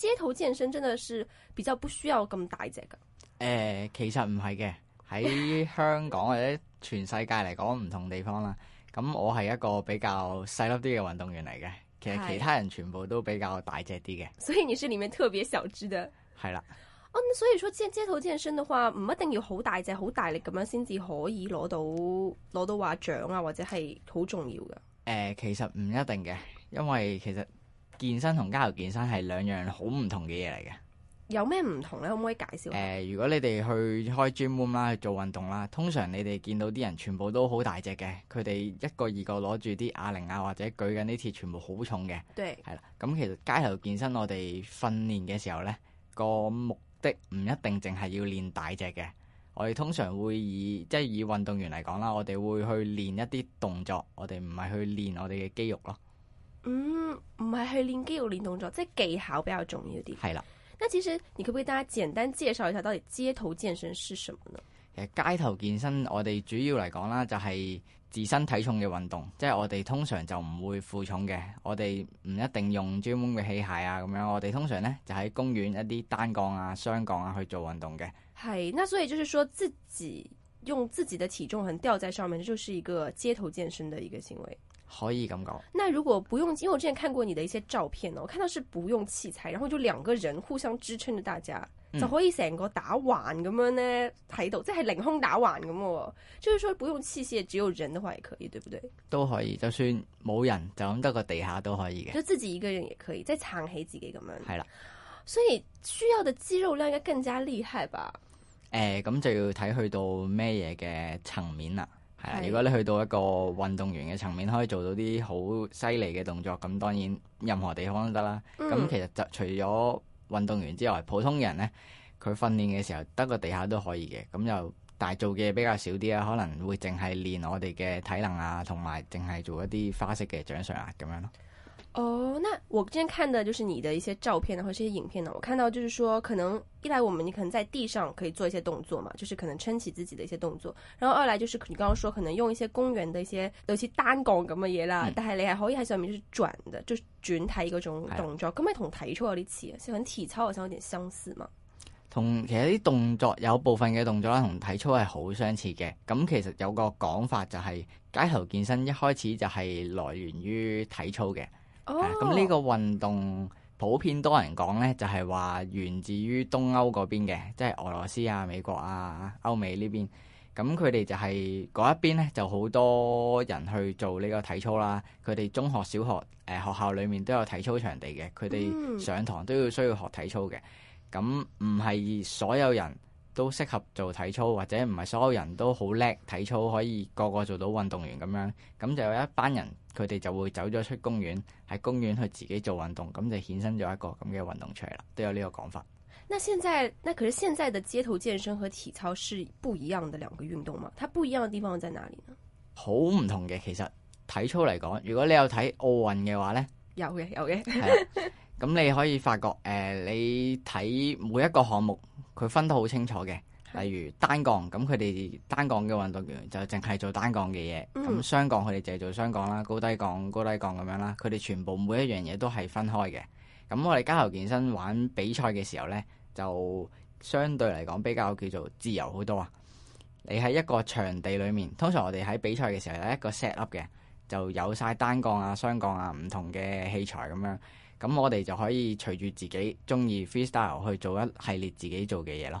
街頭健身真係比較不需要咁大隻嘅。誒、呃，其實唔係嘅，喺香港 或者全世界嚟講唔同地方啦。咁我係一個比較細粒啲嘅運動員嚟嘅，其實其他人全部都比較大隻啲嘅。所以你是裏面特別小隻嘅。係啦的。哦、嗯，所以說街街頭健身嘅話，唔一定要好大隻好大力咁樣先至可以攞到攞到話獎啊，或者係好重要嘅。誒、呃，其實唔一定嘅，因為其實。健身同街頭健身係兩樣好唔同嘅嘢嚟嘅。有咩唔同咧？可唔可以介紹？誒、呃，如果你哋去開 gym 啦，去做運動啦，通常你哋見到啲人全部都好大隻嘅，佢哋一個二個攞住啲啞鈴啊，或者舉緊啲鐵，全部好重嘅。對。係啦，咁、嗯、其實街頭健身我哋訓練嘅時候呢，個目的唔一定淨係要練大隻嘅。我哋通常會以即係以運動員嚟講啦，我哋會去練一啲動作，我哋唔係去練我哋嘅肌肉咯。嗯，唔係去練肌肉，練動作，即係技巧比較重要啲。嘅地方。係啦，那其實你可唔可以大家簡單介紹一下到底街頭健身是什麼呢？其實街頭健身我哋主要嚟講啦，就係自身體重嘅運動，即係我哋通常就唔會負重嘅，我哋唔一定用專門嘅器械啊咁樣，我哋通常咧就喺公園一啲單槓啊、雙槓啊去做運動嘅。係，那所以就是說自己用自己嘅體重去吊在上面，就是一個街頭健身嘅一個行為。可以咁講，那如果不用，因為我之前看過你的一些照片，我看到是不用器材，然後就兩個人互相支撐着大家，嗯、就可以成個打橫咁樣呢。喺度，即係凌空打橫咁嘅，就是說不用器械，只有人嘅話都可以，對不對？都可以，就算冇人就咁喺個地下都可以嘅，就自己一個人也可以，即係撐起自己咁樣。係啦的，所以需要的肌肉量應該更加厲害吧？誒、欸，咁就要睇去到咩嘢嘅層面啦。係，如果你去到一個運動員嘅層面，可以做到啲好犀利嘅動作，咁當然任何地方都得啦。咁、嗯、其實就除咗運動員之外，普通人呢，佢訓練嘅時候得個地下都可以嘅。咁又但係做嘅比較少啲啦，可能會淨係練我哋嘅體能啊，同埋淨係做一啲花式嘅掌上壓、啊、咁樣咯。哦，oh, 那我今天看的，就是你的一些照片呢，或者一些影片呢。我看到就是說，可能一來，我們你可能在地上可以做一些動作嘛，就是可能撐起自己的一些動作。然後二來就是你剛剛說可能用一些公園的一些，尤其單槓咁嘅嘢啦，但係你係可以喺上面，就是轉的，就是轉體嗰種動作。咁咪同體操有啲似啊，即係體操好像有點相似嘛。同其實啲動作有部分嘅動作啦，同體操係好相似嘅。咁其實有個講法就係街頭健身一開始就係來源於體操嘅。咁呢、啊、個運動普遍多人講咧，就係、是、話源自於東歐嗰邊嘅，即係俄羅斯啊、美國啊、歐美、就是、呢邊，咁佢哋就係一邊咧，就好多人去做呢個體操啦。佢哋中學小學誒、呃、學校裏面都有體操場地嘅，佢哋上堂都要需要學體操嘅。咁唔係所有人都適合做體操，或者唔係所有人都好叻體操，可以個個做到運動員咁樣，咁就有一班人。佢哋就會走咗出公園，喺公園去自己做運動，咁就衍生咗一個咁嘅運動出嚟啦。都有呢個講法。那現在，那可是現在的街頭健身和體操是不一樣的兩個運動嗎？它不一樣的地方在哪裡呢？好唔同嘅。其實體操嚟講，如果你有睇奧運嘅話呢，有嘅有嘅，咁 你可以發覺誒、呃，你睇每一個項目，佢分得好清楚嘅。例如單槓咁，佢哋單槓嘅運動員就淨係做單槓嘅嘢。咁、嗯、雙槓佢哋淨係做雙槓啦，高低槓、高低槓咁樣啦。佢哋全部每一樣嘢都係分開嘅。咁我哋街頭健身玩比賽嘅時候呢，就相對嚟講比較叫做自由好多啊。你喺一個場地裏面，通常我哋喺比賽嘅時候有一個 set up 嘅，就有晒單槓啊、雙槓啊、唔同嘅器材咁樣。咁我哋就可以隨住自己中意 freestyle 去做一系列自己做嘅嘢咯。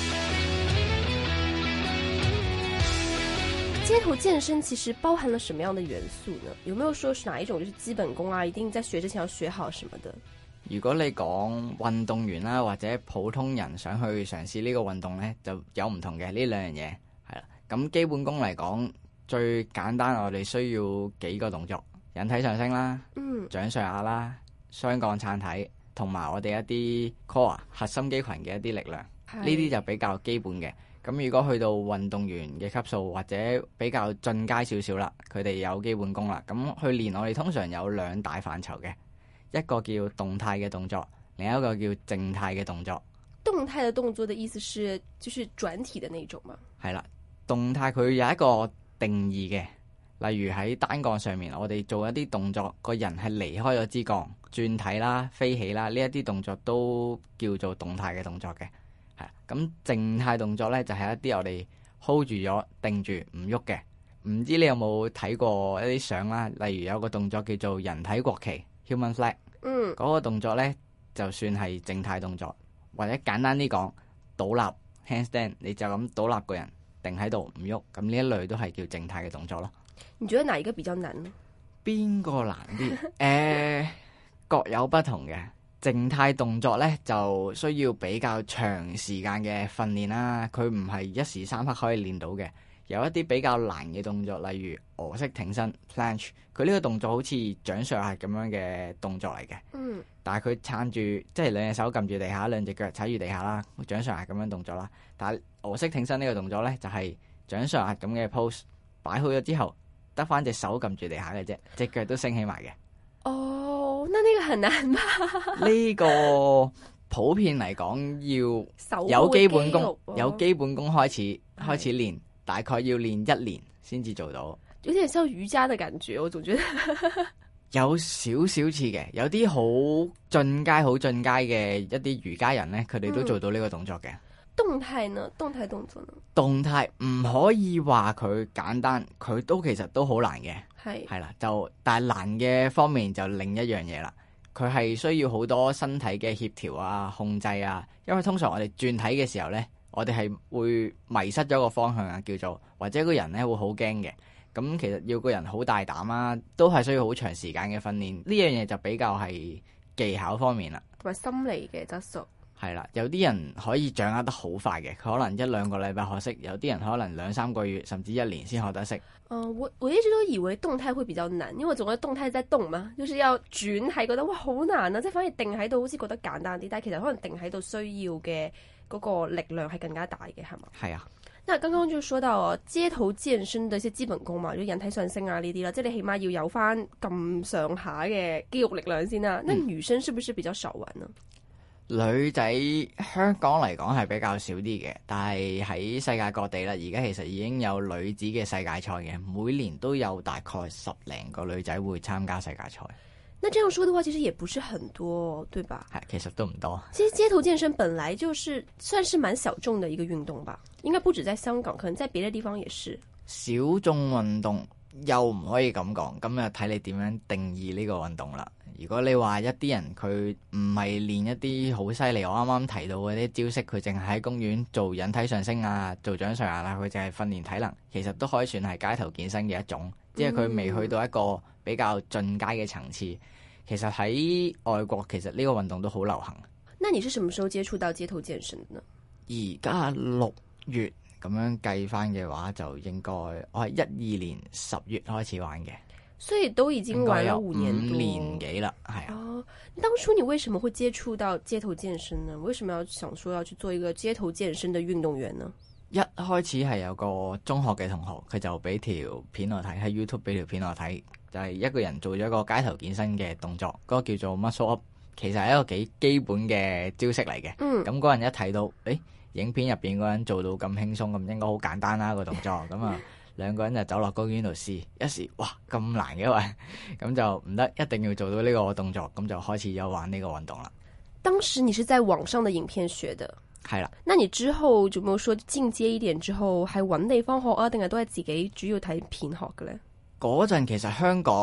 街頭健，健身其實包含了什麼樣的元素呢？有沒有說是哪一種，就是基本功啊？一定在學之前要學好什麼的？如果你講運動員啦，或者普通人想去嘗試呢個運動呢，就有唔同嘅，呢兩樣嘢，係啦。咁基本功嚟講，最簡單我哋需要幾個動作：引體上升啦，嗯，掌上壓啦，雙槓撐體，同埋我哋一啲 core 核心肌群嘅一啲力量，呢啲的就比較基本嘅。咁如果去到運動員嘅級數或者比較進階少少啦，佢哋有基本功啦。咁去練我哋通常有兩大範疇嘅，一個叫動態嘅動作，另一個叫靜態嘅動作。動態嘅動作的意思是，就是轉體嘅那種嘛。係啦，動態佢有一個定義嘅，例如喺單槓上面，我哋做一啲動作，個人係離開咗支槓轉體啦、飛起啦，呢一啲動作都叫做動態嘅動作嘅。咁靜態動作咧就係、是、一啲我哋 hold 住咗、定住唔喐嘅。唔知你有冇睇過一啲相啦？例如有個動作叫做人體國旗 （human flag），嗯，嗰個動作咧就算係靜態動作，或者簡單啲講，倒立 （handstand），你就咁倒立個人，定喺度唔喐，咁呢一類都係叫靜態嘅動作咯。你覺得哪一個比較難呢？邊個難啲？誒、 欸，各有不同嘅。靜態動作咧就需要比較長時間嘅訓練啦，佢唔係一時三刻可以練到嘅。有一啲比較難嘅動作，例如俄式挺身 （planche），佢呢個動作好似掌上壓咁樣嘅動作嚟嘅。嗯。但係佢撐住，即係兩隻手撳住地下，兩隻腳踩住地下啦，掌上壓咁樣動作啦。但係俄式挺身呢個動作咧，就係掌上壓咁嘅 pose 擺好咗之後，得返隻手撳住地下嘅啫，隻腳都升起埋嘅。呢個好難嘛。呢 個普遍嚟講，要有基本功，有基本功開始是開始練，大概要練一年先至做到。有啲像瑜伽嘅感覺，我總覺得 有少少似嘅，有啲好進階、好進階嘅一啲瑜伽人呢，佢哋都做到呢個動作嘅。嗯。動態呢？動態動作呢？動態唔可以話佢簡單，佢都其實都好難嘅。係係啦，就但係難嘅方面就另一樣嘢啦，佢係需要好多身體嘅協調啊、控制啊，因為通常我哋轉體嘅時候呢，我哋係會迷失咗個方向啊，叫做或者個人呢會好驚嘅，咁其實要個人好大膽啊，都係需要好長時間嘅訓練，呢樣嘢就比較係技巧方面啦，同埋心理嘅質素。係啦，有啲人可以掌握得好快嘅，佢可能一兩個禮拜學識；有啲人可能兩三個月，甚至一年先學得識。呃、我我一直都以為動態會比較難，因為仲有動態即係動嘛，於、就是要轉，係覺得哇好難啊！即係反而定喺度，好似覺得簡單啲，但係其實可能定喺度需要嘅嗰個力量係更加大嘅，係嘛？係啊。那剛剛就講到啊，街頭健身對一些基本功嘛，如果引體上升啊呢啲啦，即係你起碼要有翻咁上下嘅肌肉力量先啦、啊。那女生是不是比較少玩啊？嗯女仔香港嚟講係比較少啲嘅，但係喺世界各地啦，而家其實已經有女子嘅世界賽嘅，每年都有大概十零個女仔會參加世界賽。那這樣說的話，其實也不是很多，對吧？係，其實都唔多。其實街頭健身本來就是算是蠻小眾的一個運動吧，應該不止在香港，可能在別的地方也是小眾運動，又唔可以咁講，咁又睇你點樣定義呢個運動啦。如果你話一啲人佢唔係練一啲好犀利，我啱啱提到嗰啲招式，佢淨係喺公園做引體上升啊，做掌上壓、啊、啦，佢淨係訓練體能，其實都可以算係街頭健身嘅一種，即係佢未去到一個比較進階嘅層次。嗯、其實喺外國，其實呢個運動都好流行。那你是什麼時候接觸到街頭健身呢？而家六月咁樣計翻嘅話，就應該我係一二年十月開始玩嘅。所以都已經玩五年多五年幾啦，係啊、哦。當初你為什麼會接觸到街頭健身呢？為什麼要想說要去做一個街頭健身的運動員呢？一開始係有個中學嘅同學，佢就俾條片我睇，喺 YouTube 俾條片我睇，就係、是、一個人做咗一個街頭健身嘅動作，嗰、那個叫做 Muscle Up，其實係一個幾基本嘅招式嚟嘅。嗯。咁嗰人一睇到，誒、欸，影片入邊嗰人做到咁輕鬆，咁應該好簡單啦個動作，咁、那、啊、個。 兩個人就走落公園度試，一時哇咁難嘅喂，咁就唔得，一定要做到呢個動作，咁就開始有玩呢個運動啦。當時你是在網上的影片學的？係啦的。那你之後有冇有說進階一點之後，係揾地方學呀，定係，都係自己主要睇片學嘅咧？嗰陣其實香港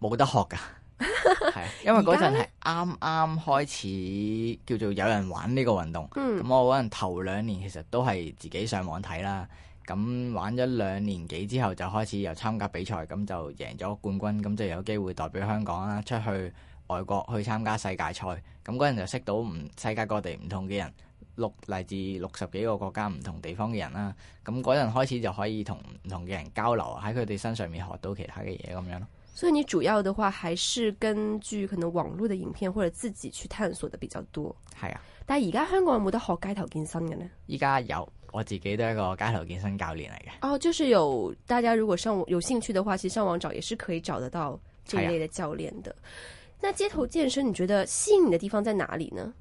冇得學噶，係 因為嗰陣係啱啱開始叫做有人玩呢個運動，咁、嗯、我可能頭兩年其實都係自己上網睇啦。咁玩咗兩年幾之後，就開始又參加比賽，咁就贏咗冠軍，咁就有機會代表香港啦，出去外國去參加世界賽。咁嗰陣就識到唔世界各地唔同嘅人，六嚟自六十幾個國家唔同地方嘅人啦。咁嗰陣開始就可以同唔同嘅人交流，喺佢哋身上面學到其他嘅嘢咁樣咯。所以你主要嘅話，還是根據可能網絡的影片或者自己去探索嘅比較多。係啊，但係而家香港有冇得學街頭健身嘅呢？依家有。我自己都係一個街頭健身教練嚟嘅。哦，就是有大家如果上網有興趣嘅話，其實上網找也是可以找得到這類嘅教練嘅。啊、那街頭健身你覺得吸引嘅地方在哪裏呢？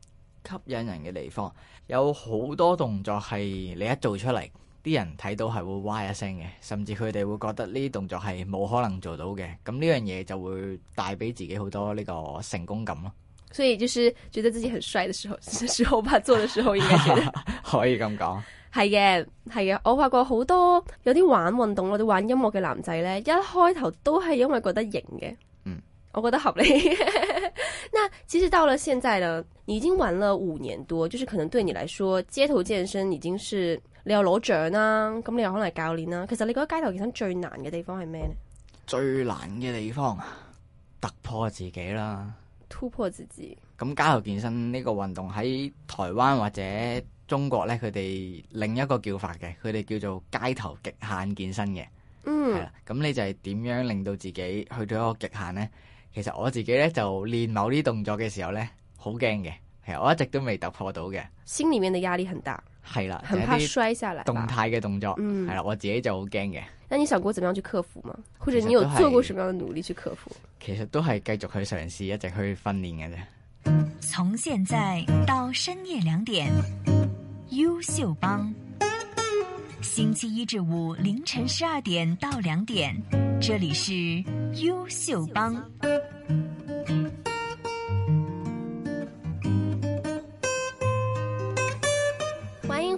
吸引人嘅地方有好多動作係你一做出嚟，啲人睇到係會哇一聲嘅，甚至佢哋會覺得呢啲動作係冇可能做到嘅。咁呢樣嘢就會帶俾自己好多呢個成功感咯。所以就是覺得自己很帥的時候，時候怕做的時候應該覺得 可以咁講。係嘅，係嘅。我發覺好多有啲玩運動或者玩音樂嘅男仔咧，一開頭都係因為覺得型嘅。嗯，我覺得合理。嗱， 其實到了現在咧，你已經玩了五年多，就是可能對你嚟講，街頭健身已經是，你又攞獎啦。咁你，、啊、你又可能係教練啦、啊。其實你覺得街頭健身最難嘅地方係咩呢？最難嘅地方啊，突破自己啦！突破自己。咁街頭健身呢個運動喺台灣或者？中國咧，佢哋另一個叫法嘅，佢哋叫做街頭極限健身嘅。嗯，係啦，咁你就係點樣令到自己去到一個極限呢？其實我自己咧就練某啲動作嘅時候咧，好驚嘅，係，我一直都未突破到嘅。心裏面嘅壓力很大，係啦的，很怕摔下嚟。動態嘅動作，係啦、嗯，我自己就好驚嘅。那你想過怎樣去克服嗎？或者你有做過什麼樣嘅努力去克服？其實都係繼續去嘗試，一直去訓練嘅啫。從現在到深夜兩點。優秀幫，星期一至五，凌晨十二點到兩點，這裡是優秀幫。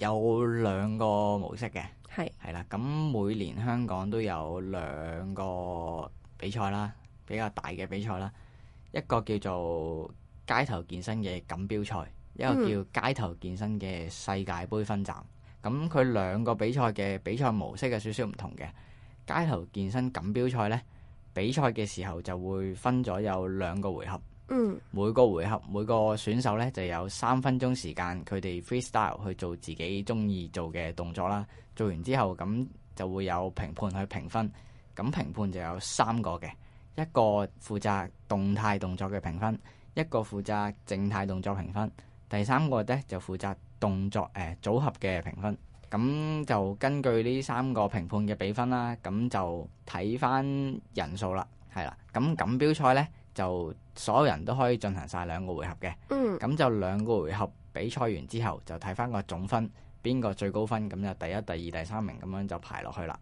有兩個模式嘅，係是，係啦。咁每年香港都有兩個比賽啦，比較大嘅比賽啦，一個叫做街頭健身嘅錦標賽，一個叫街頭健身嘅世界盃分站。咁佢兩個比賽嘅比賽模式係少少唔同嘅，街頭健身錦標賽咧，比賽嘅時候就會分咗有兩個回合。嗯，每個回合每個選手咧就有三分鐘時間，佢哋 freestyle 去做自己中意做嘅動作啦。做完之後咁就會有評判去評分，咁評判就有三個嘅，一個負責動態動作嘅評分，一個負責靜態動作評分，第三個咧就負責動作誒、呃、組合嘅評分。咁就根據呢三個評判嘅比分啦，咁就睇返人數啦，係啦。咁錦標賽咧。就所有人都可以進行晒兩個回合嘅，嗯，咁就兩個回合比賽完之後，就睇翻個總分，邊個最高分，咁就第一、第二、第三名咁樣就排落去啦，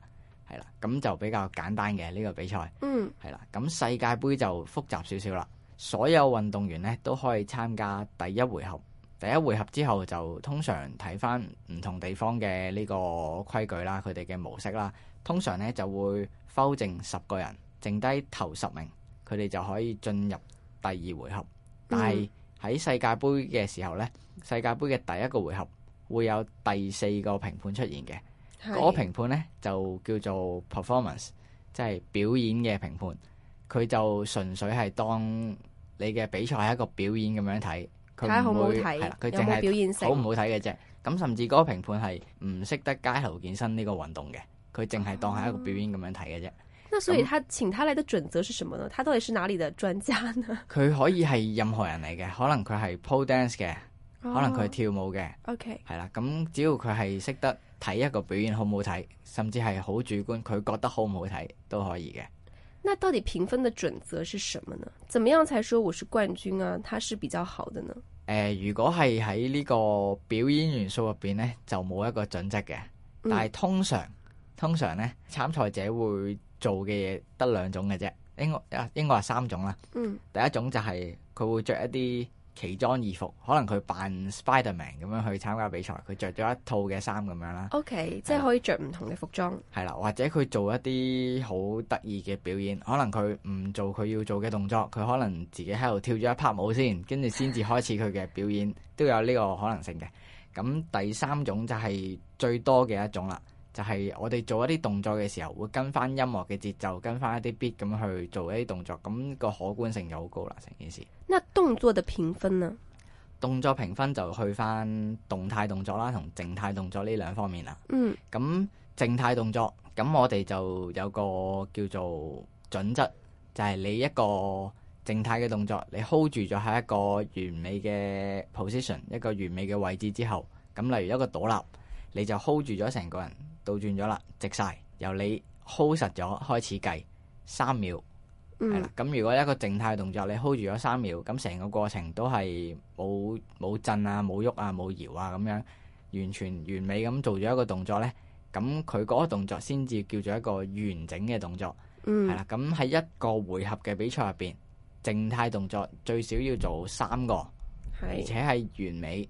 係啦，咁就比較簡單嘅呢個比賽，嗯，係啦，咁世界盃就複雜少少啦，所有運動員咧都可以參加第一回合，第一回合之後就通常睇翻唔同地方嘅呢個規矩啦，佢哋嘅模式啦，通常咧就會淨剩十個人，剩低頭十名。佢哋就可以進入第二回合，但係喺世界盃嘅時候呢，世界盃嘅第一個回合會有第四個評判出現嘅，嗰是個評判呢，就叫做 performance，即係表演嘅評判，佢就純粹係當你嘅比賽係一個表演咁樣睇，佢唔會係啦，佢淨係表演好唔好睇嘅啫。咁、啊、甚至嗰個評判係唔識得街頭健身呢個運動嘅，佢淨係當係一個表演咁樣睇嘅啫。哦。那所以他、嗯、請他來的準則是什麼呢？他到底是哪裏的專家呢？佢可以係任何人嚟嘅，可能佢係 pro dance 嘅，哦、可能佢係跳舞嘅。O K 係啦，咁只要佢係識得睇一個表演好唔好睇，甚至係好主觀，佢覺得好唔好睇都可以嘅。那到底評分的準則是什麼呢？怎麼樣才說我是冠軍啊？他是比較好的呢？誒、呃，如果係喺呢個表演元素入邊呢，就冇一個準則嘅。但係通常、嗯、通常呢，參賽者會。做嘅嘢得兩種嘅啫，應該啊應該係三種啦。嗯、第一種就係佢會着一啲奇裝異服，可能佢扮 Spiderman 咁樣去參加比賽，佢着咗一套嘅衫咁樣 okay，啦。OK，即係可以着唔同嘅服裝。係啦，或者佢做一啲好得意嘅表演，可能佢唔做佢要做嘅動作，佢可能自己喺度跳咗一拍舞先，跟住先至開始佢嘅表演， 都有呢個可能性嘅。咁第三種就係最多嘅一種啦。就係我哋做一啲動作嘅時候，會跟翻音樂嘅節奏，跟翻一啲 beat 咁去做一啲動作，咁個可觀性就好高啦。成件事。那動作嘅評分呢？動作評分就去翻動態動作啦，同靜態動作呢兩方面啦。嗯。咁靜態動作，咁我哋就有個叫做準則，就係你一個靜態嘅動作，你 hold 住咗喺一個完美嘅 position，一個完美嘅位置之後，咁例如一個倒立，你就 hold 住咗成個人。倒轉咗啦，直晒，由你 hold 實咗開始計三秒係啦。咁如果一個靜態動作你 hold 住咗三秒，咁成個過程都係冇冇震啊、冇喐啊、冇搖啊咁樣，完全完美咁做咗一個動作呢，咁佢嗰個動作先至叫做一個完整嘅動作係啦。咁喺一個回合嘅比賽入邊，靜態動作最少要做三個，而且係完美，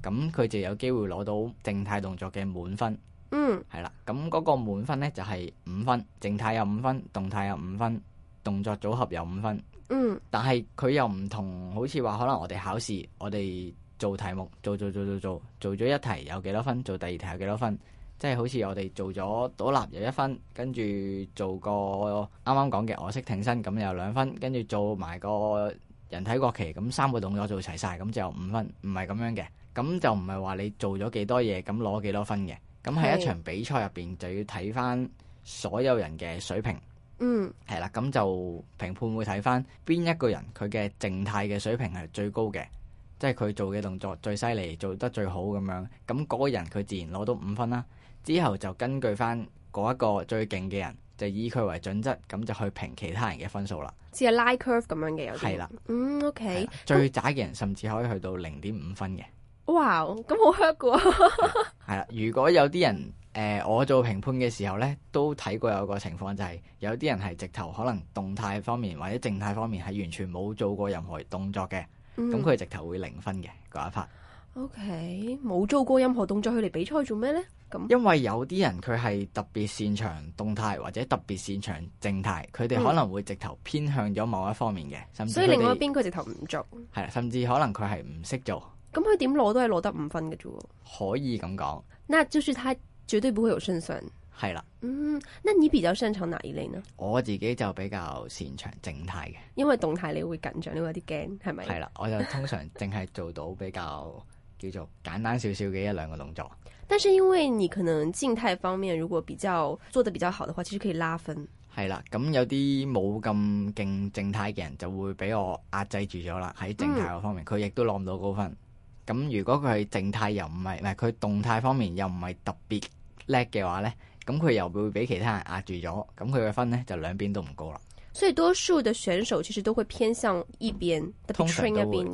咁佢就有機會攞到靜態動作嘅滿分。嗯，係啦，咁、那、嗰個滿分呢，就係、是、五分，靜態有五分，動態有五分，動作組合又五分。嗯，但係佢又唔同，好似話可能我哋考試，我哋做題目做做做做做做咗一題有幾多分，做第二題有幾多分，即係好似我哋做咗倒立有一分，跟住做個啱啱講嘅俄式挺身咁又兩分，跟住做埋個人體國旗咁三個動作做齊晒咁就有五分，唔係咁樣嘅，咁就唔係話你做咗幾多嘢咁攞幾多分嘅。咁喺一場比賽入邊，就要睇翻所有人嘅水平。嗯，係啦，咁就評判會睇翻邊一個人佢嘅靜態嘅水平係最高嘅，即係佢做嘅動作最犀利，做得最好咁樣。咁、那、嗰個人佢自然攞到五分啦。之後就根據翻嗰一個最勁嘅人，就以佢為準則，咁就去評其他人嘅分數啦。似係拉 curve 咁樣嘅有啲。係啦的。嗯，OK。最渣嘅人甚至可以去到零點五分嘅。哇，咁好 hurt 嘅喎！係 啦，如果有啲人誒、呃，我做評判嘅時候呢，都睇過有個情況，就係、是、有啲人係直頭可能動態方面或者靜態方面係完全冇做過任何動作嘅，咁佢、嗯、直頭會零分嘅嗰一 part。O K，冇做過任何動作佢嚟比賽做咩呢？咁因為有啲人佢係特別擅長動態或者特別擅長靜態，佢哋可能會直頭偏向咗某一方面嘅，嗯、甚至所以另外一邊佢直頭唔做，係啦，甚至可能佢係唔識做。咁佢點攞都係攞得五分嘅啫，可以咁講。那就是，他絕對不會有勝算，係啦。嗯，那你比較擅長哪一類呢？我自己就比較擅長靜態嘅，因為動態你會緊張，你有啲驚，係咪？係啦，我就通常淨係做到比較 叫做簡單少少嘅一兩個動作。但是因為你可能靜態方面如果比較做得比較好的話，其實可以拉分。係啦，咁有啲冇咁勁靜態嘅人就會俾我壓制住咗啦。喺靜態方面，佢亦、嗯、都攞唔到高分。咁如果佢係靜態又唔係唔係，佢動態方面又唔係特別叻嘅話咧，咁佢又會俾其他人壓住咗，咁佢嘅分咧就兩邊都唔高啦。所以多數嘅選手其實都會偏向一邊，通常都會。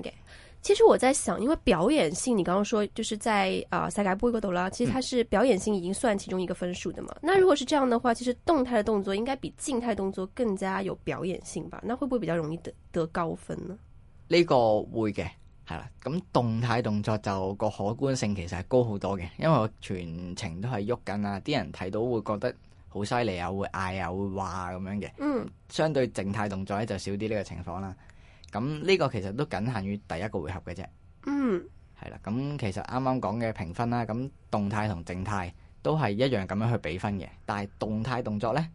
其實我在想，因為表演性你剛剛，你剛剛說就是在啊、呃，世界杯度啦，其實它是表演性已經算其中一個分數的嘛。嗯、那如果是這樣的話，其實動態的動作應該比靜態動作更加有表演性吧？那會不會比較容易得得高分呢？呢個會嘅。係啦，咁動態動作就個可觀性其實係高好多嘅，因為我全程都係喐緊啊，啲人睇到會覺得好犀利啊，會嗌啊，會話啊咁樣嘅。嗯，相對靜態動作咧就少啲呢個情況啦。咁呢個其實都僅限於第一個回合嘅啫。嗯，係啦，咁其實啱啱講嘅評分啦，咁動態同靜態都係一樣咁樣去比分嘅，但係動態動作咧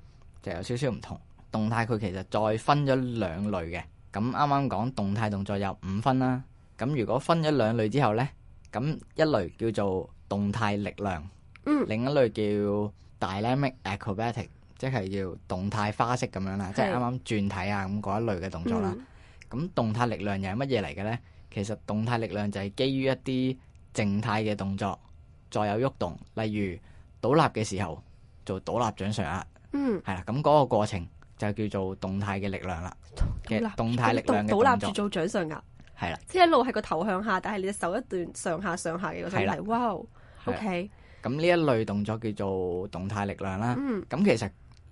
就有少少唔同。動態佢其實再分咗兩類嘅，咁啱啱講動態動作有五分啦。咁如果分咗兩類之後呢，咁一類叫做動態力量，嗯、另一類叫 Dynamic Acrobatic，即係叫動態花式咁樣啦，是即係啱啱轉體啊咁嗰一類嘅動作啦。咁、嗯、動態力量又係乜嘢嚟嘅呢？其實動態力量就係基於一啲靜態嘅動作，再有喐動，例如倒立嘅時候做倒立掌上壓，係啦、嗯，咁嗰個過程就叫做動態嘅力量啦。嘅、嗯、動態立力量嘅動作。嗯、動動立倒立住做掌上壓。係啦，即一路係個頭向下，但係你隻手一段上下、上下嘅嗰種嚟，哇！OK，咁呢一類動作叫做動態力量啦。嗯，咁其實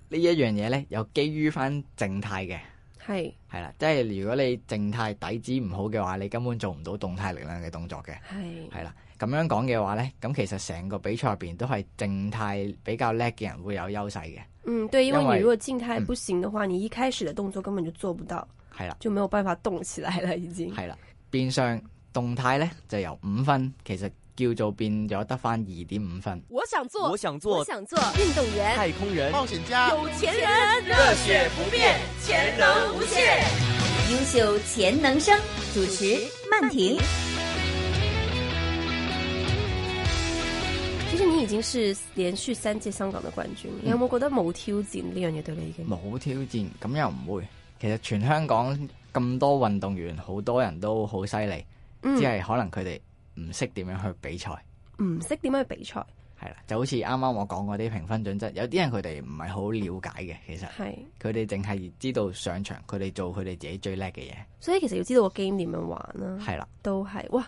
一呢一樣嘢咧，有基於翻靜態嘅，係係啦，即係如果你靜態底子唔好嘅話，你根本做唔到動態力量嘅動作嘅。係係啦，咁樣講嘅話咧，咁其實成個比賽入邊都係靜態比較叻嘅人會有優勢嘅。嗯，對，因為你為如果靜態不行嘅話，嗯、你一開始嘅動作根本就做唔到。係啦， 就沒有辦法動起來了，已經係啦、 嗯。 變相動態咧，就由五分，其實叫做變咗得翻二點五分。我想做，我想做，我想做運動員、太空人、冒險家、有錢人、熱血不變、潛能無限、優秀潛能生。主持曼婷。嗯、其實你已經是連續三屆香港嘅冠軍，你有冇覺得冇挑戰，呢樣嘢對你已經冇挑戰？咁又唔會。其實全香港咁多運動員，好多人都好犀利，嗯、只係可能佢哋唔識點樣去比賽，唔識點樣去比賽，係啦，就好似啱啱我講嗰啲評分準則，有啲人佢哋唔係好了解嘅，其實係，佢哋淨係知道上場，佢哋做佢哋自己最叻嘅嘢，所以其實要知道個 game 點樣玩啦、啊，係啦的，都係，哇！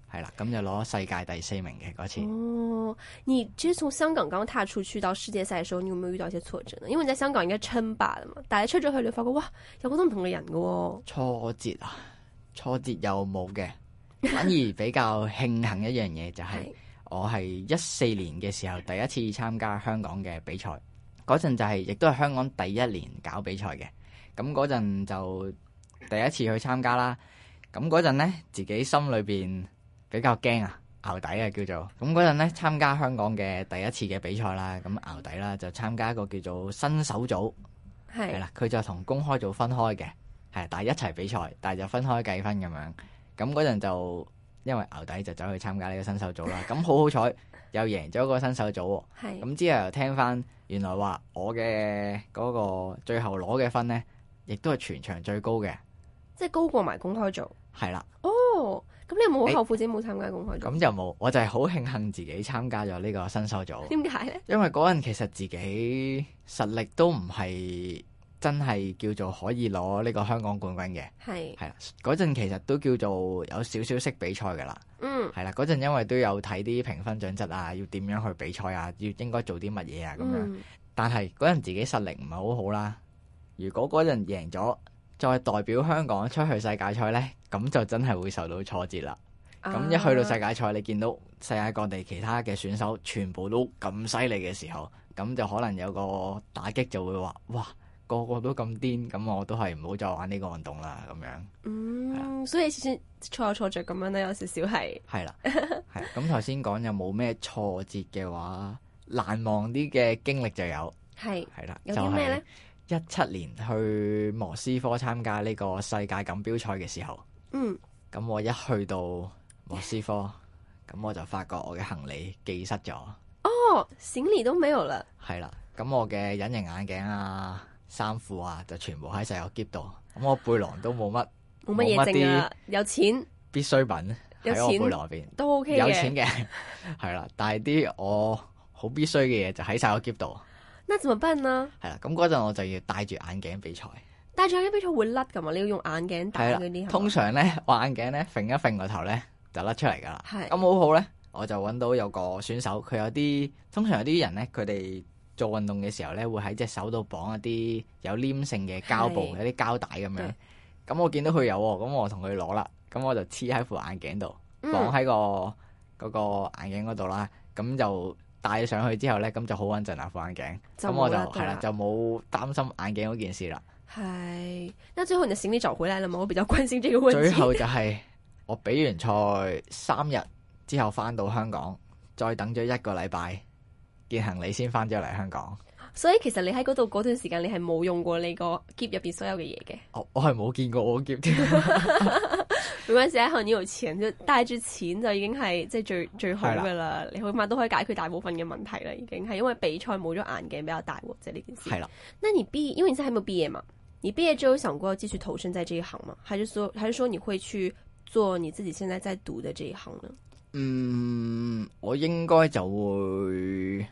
係啦，咁就攞世界第四名嘅嗰次。哦，你即係從香港剛踏出去到世界賽嘅時候，你有冇遇到一些挫折呢？因為你在香港應該稱霸啊嘛，但係出咗去你發覺哇，有好多唔同嘅人噶、哦。挫折啊，挫折又冇嘅，反而比較慶幸一樣嘢 就係我係一四年嘅時候第一次參加香港嘅比賽。嗰陣就係亦都係香港第一年搞比賽嘅，咁嗰陣就第一次去參加啦。咁嗰陣呢，自己心裏邊。比較驚啊，牛底啊叫做咁嗰陣咧，參加香港嘅第一次嘅比賽啦，咁牛底啦就參加一個叫做新手組係是啦，佢就同公開組分開嘅係，但係一齊比賽，但係就分開計分咁樣。咁嗰陣就因為牛底就走去參加呢個新手組啦。咁好好彩又贏咗個新手組，啊，咁是之後又聽翻原來話我嘅嗰個最後攞嘅分咧，亦都係全場最高嘅，即係高過埋公開組係啦。哦。Oh. 咁你有冇好後悔自己冇參加公開賽？咁就冇，我就係好慶幸自己參加咗呢個新手組。點解咧？因為嗰陣其實自己實力都唔係真係叫做可以攞呢個香港冠軍嘅。係係啦，嗰陣其實都叫做有少少識比賽噶啦。嗯，係啦，嗰陣因為都有睇啲評分準則啊，要點樣去比賽啊，要應該做啲乜嘢啊咁、嗯、樣。但係嗰陣自己實力唔係好好啦。如果嗰陣贏咗，再代表香港出去世界賽呢，咁就真係會受到挫折啦。咁一去到世界賽，ah. 你見到世界各地其他嘅選手全部都咁犀利嘅時候，咁就可能有個打擊就會話：哇，個個都咁癲，咁我都係唔好再玩呢個運動啦。咁樣，嗯、um, 啊，所以算錯有錯着咁樣咧，有少少係係啦。係咁、啊，頭先講有冇咩挫折嘅話，難忘啲嘅經歷就有係係啦，有啲咩咧？一七年去莫斯科參加呢個世界錦標賽嘅時候，嗯，咁我一去到莫斯科，咁 我就發覺我嘅行李寄失咗。哦，行李都沒有了。係啦，咁我嘅隱形眼鏡啊、衫褲啊，就全部喺晒我 k 度。咁我背囊都冇乜，冇乜嘢剩啦。剩有錢，必需品喺我背囊入邊都 OK 有錢嘅係啦，但係啲我好必需嘅嘢就喺晒我 k 度。那怎麼辦？呢係啦，咁嗰陣我就要戴住眼鏡比賽，戴住眼鏡比賽會甩噶嘛？你要用眼鏡戴嗰啲。通常呢，我眼鏡呢，揈一揈個頭呢，就甩出嚟噶啦。係咁好好呢，我就揾到有個選手，佢有啲通常有啲人呢，佢哋做運動嘅時候呢，會喺隻手度綁一啲有黏性嘅膠布，是有啲膠帶咁樣。咁對我見到佢有，咁我同佢攞啦，咁我就黐喺副眼鏡度，綁喺個嗰、嗯、個眼鏡嗰度啦，咁就。戴上去之後咧，咁就好穩陣啦，副眼鏡。咁我就係啦，就冇擔心眼鏡嗰件事啦。係，那最後就醒行李就回來了嘛？我比較關心這個最後就係我比完賽三日之後翻到香港， 再等咗一個禮拜，見行李先翻咗嚟香港。所以其實你喺嗰度嗰段時間，你係冇用過你個喼入邊所有嘅嘢嘅。我我係冇見過我喼。 冇關係，你有錢，帶住錢就已經係即係最最好噶啦，了你起碼都可以解決大部分嘅問題啦，已經係因為比賽冇咗眼鏡比較大喎，即係呢件事。係啦了，那你畢，因為你真係冇畢業嘛？你畢業之後有想過要繼續投身在這一行嗎？還是說，還是說，你會去做你自己現在在讀嘅這一行呢？嗯，我應該就會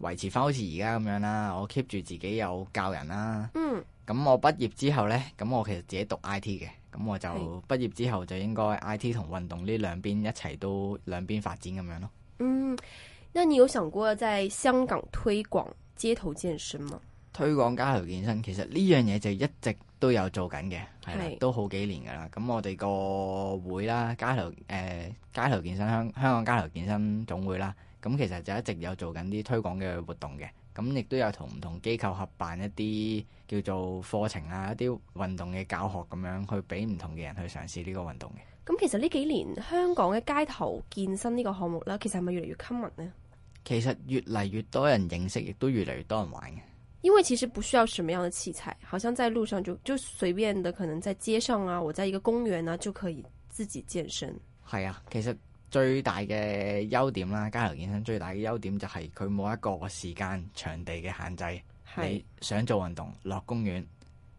維持翻好似而家咁樣啦，我 keep 住自己有教人啦、啊。嗯，咁我畢業之後咧，咁我其實自己讀 I T 嘅。咁我就畢業之後就應該 I T 同運動呢兩邊一齊都兩邊發展咁樣咯。嗯，那你有想過在香港推廣街頭健身嗎？推廣街頭健身，其實呢樣嘢就一直都有做緊嘅，係啦，都好幾年噶啦。咁我哋個會啦，街頭誒，街、呃、頭健身香香港街頭健身總會啦，咁其實就一直有做緊啲推廣嘅活動嘅。咁亦、嗯、都有同唔同機構合辦一啲叫做課程啊，一啲運動嘅教學咁樣去俾唔同嘅人去嘗試呢個運動嘅。咁其實呢幾年香港嘅街頭健身呢個項目啦，其實係咪越嚟越 common 呢？其實越嚟越多人認識，亦都越嚟越多人玩嘅。因為其實不需要什麼樣嘅器材，好像在路上就就隨便的，可能在街上啊，或者在一個公園啊，就可以自己健身。係啊，其實。最大嘅優點啦，街頭健身最大嘅優點就係佢冇一個時間、場地嘅限制。係是，你想做運動落公園，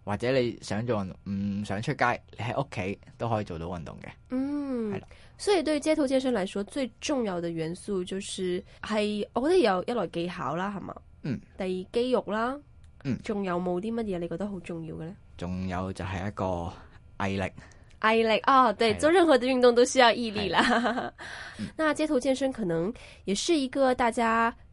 或者你想做運動唔、嗯、想出街，你喺屋企都可以做到運動嘅。嗯，係啦的。所以對於街頭健身嚟說，最重要嘅元素就是係，我覺得有一類技巧啦，係嘛。嗯。第二肌肉啦。嗯。仲有冇啲乜嘢？你覺得好重要嘅咧？仲有就係一個毅力。I like，哦，I like. 對，做任何的運動都需要毅力啦。I like. 那街頭健身可能也是一個大家，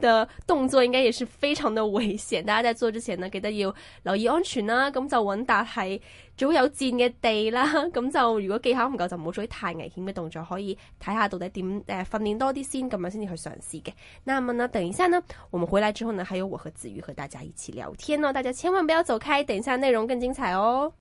的動作應該也是非常的危險，大家在做之前呢，記得要留意安全啦、啊。咁就搵笪係最好有墊嘅地啦。咁就如果技巧唔夠，就唔好做啲太危險嘅動作，可以睇下到底、呃、訓練點誒訓練多啲先，咁樣先至去嘗試嘅。嗱，問啦，突然之間呢，我們回來之後呢，還有我和子瑜和大家一起聊天哦，大家千萬不要走開，等一下內容更精彩哦。